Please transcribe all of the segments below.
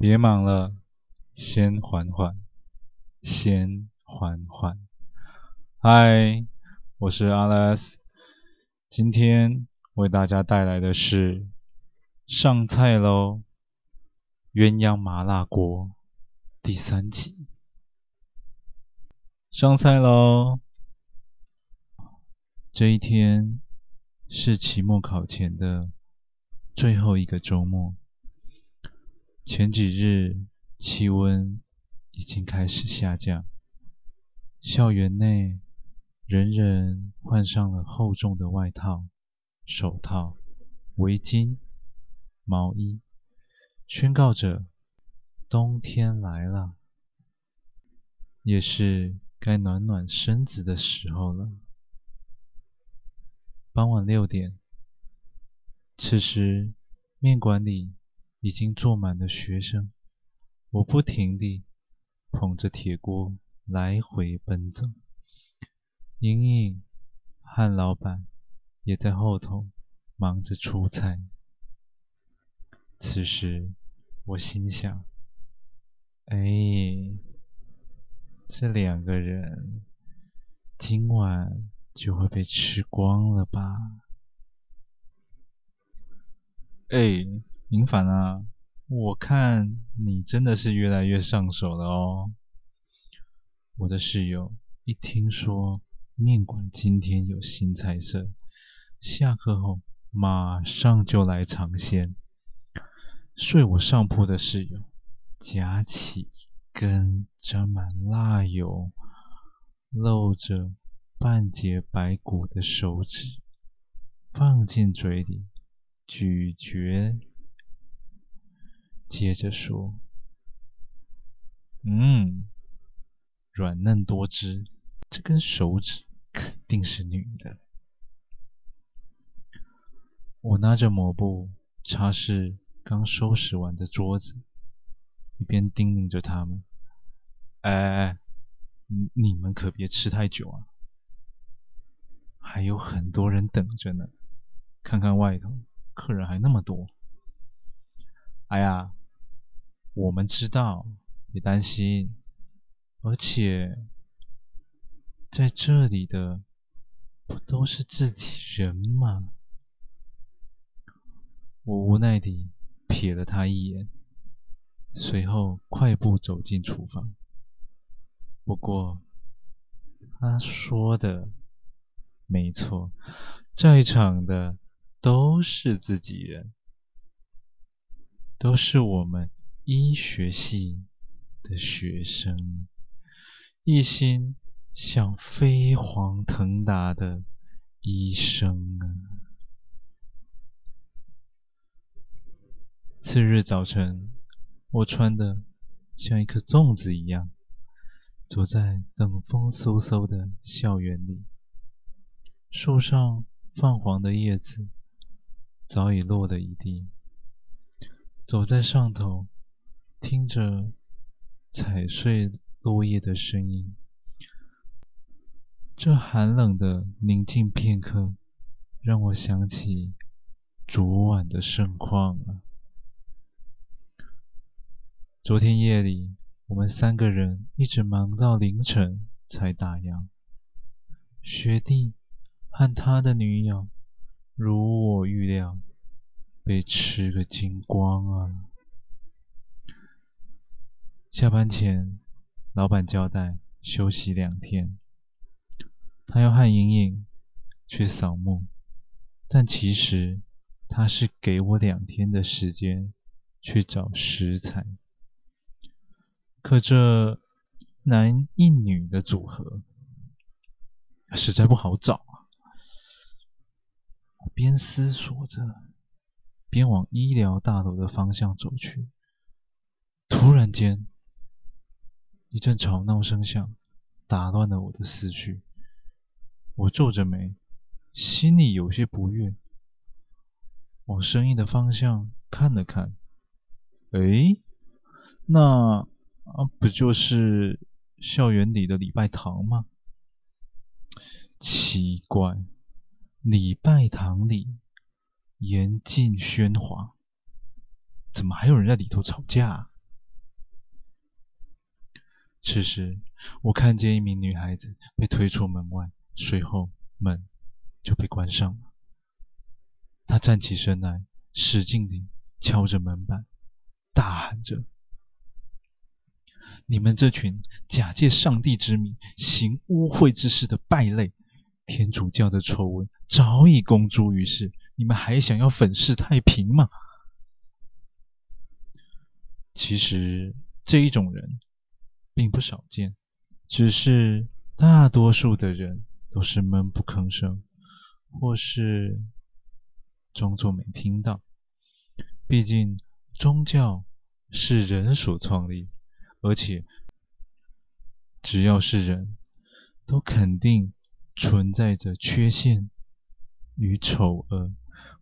別忙了，先緩緩，先緩緩。嗨，我是阿拉斯。今天為大家帶來的是上菜嘍，《鴛鴦麻辣鍋》第三集。上菜嘍！這一天是期末考前的最後一個周末。前幾日氣溫已經開始下降，校園內人人換上了厚重的外套、手套、圍巾、毛衣，宣告着冬天來了，也是該暖暖身子的時候了。傍晚六點，此時麵館裡。已經坐滿了學生，我不停地捧着鐵鍋來回奔走，瑩瑩和老闆也在後頭忙着出菜。此時我心想：“哎，這兩個人今晚就會被吃光了吧？”哎。明凡啊，我看你真的是越來越上手了哦。我的室友一聽說麵館今天有新菜色，下課後馬上就來嘗鮮。睡我上鋪的室友夾起一根沾滿辣油、露着半截白骨的手指，放進嘴裡咀嚼。接着說，嗯，軟嫩多汁，這根手指肯定是女的。我拿着抹布擦拭剛收拾完的桌子，一邊叮嚀着他們：“哎哎哎，你們可別吃太久啊，還有很多人等着呢。看看外頭，客人還那麼多。哎呀！”我們知道，別擔心，而且在這裡的不都是自己人嗎？我無奈地瞥了他一眼，隨後快步走進廚房。不過他說的沒錯，在場的都是自己人，都是我們。醫學系的學生，一心想飛黃騰達的醫生啊！次日早晨，我穿的像一顆粽子一樣，走在冷風嗖嗖的校園裡，樹上泛黃的葉子早已落了一地，走在上頭。聽着踩碎落葉的聲音，這寒冷的寧靜片刻，讓我想起昨晚的盛況了啊。昨天夜裡，我們三個人一直忙到凌晨才打烊。學弟和他的女友，如我預料，被吃個精光啊！下班前，老闆交代休息兩天。他要和瑩瑩去掃墓，但其實他是給我兩天的時間去找食材。可這一男一女的組合實在不好找啊！我邊思索着，邊往醫療大樓的方向走去。突然間，一陣吵鬧聲響，打亂了我的思緒。我皺着眉，心裡有些不悅，往聲音的方向看了看。誒，欸，那，啊，不就是校園裡的禮拜堂嗎？奇怪，禮拜堂裡嚴禁喧嘩，怎麼還有人在裡頭吵架？此時，我看見一名女孩子被推出門外，隨後門就被關上了。她站起身來，使勁地敲着門板，大喊着：“你們這群假借上帝之名行污穢之事的敗類！天主教的醜聞早已公諸於世，你們還想要粉飾太平嗎？”其實，這一種人。並不少見，只是大多數的人都是悶不吭聲，或是裝作沒聽到。畢竟，宗教是人所創立，而且只要是人都肯定存在着缺陷與醜惡，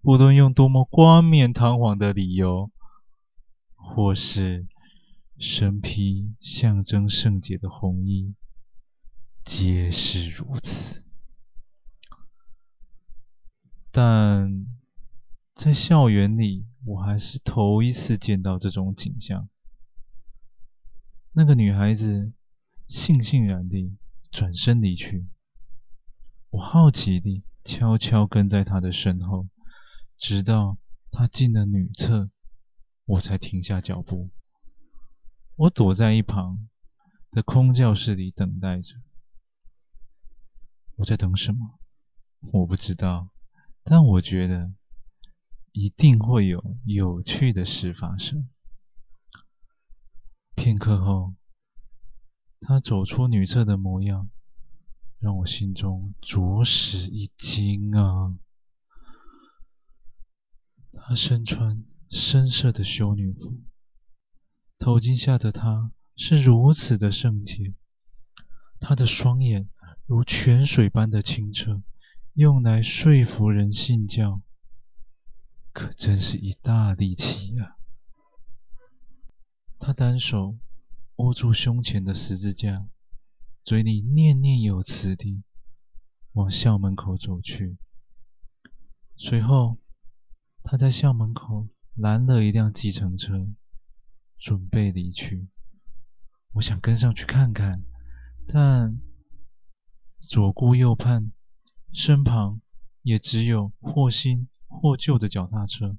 不論用多麼冠冕堂皇的理由，或是。身披象徵聖潔的紅衣，皆是如此。但在校園裡，我還是頭一次見到這種景象。那個女孩子悻悻然地轉身離去，我好奇地悄悄跟在她的身後，直到她進了女廁，我才停下腳步。我躲在一旁的空教室裡等待着。我在等什麼？我不知道。但我覺得一定會有有趣的事發生。片刻後，她走出女廁的模樣，讓我心中着實一驚啊！她身穿深色的修女服。頭巾下的他是如此的聖潔，他的雙眼如泉水般的清澈，用來說服人信教，可真是一大利器啊！他單手握住胸前的十字架，嘴裡念念有詞地往校門口走去。隨後，他在校門口攔了一輛計程車。準備離去，我想跟上去看看，但左顧右盼，身旁也只有或新或舊的腳踏車。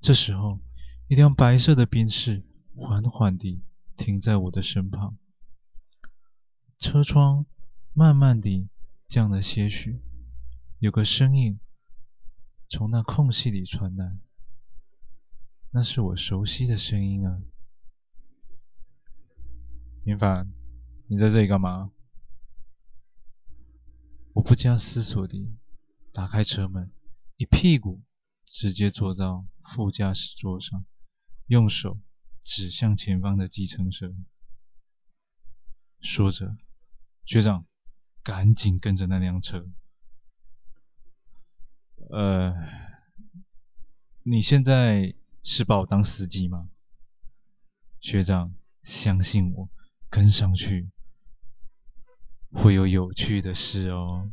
這時候，一輛白色的賓士緩緩地停在我的身旁，車窗慢慢地降了些許，有個聲音從那空隙裡傳來。那是我熟悉的聲音啊，明凡，你在這裡幹嘛？我不加思索地打開車門，一屁股直接坐到副駕駛座上，用手指向前方的計程車，說着：“學長，趕緊跟着那輛車。”呃，你現在？是把我當司機嗎？學長，相信我，跟上去，會有有趣的事哦。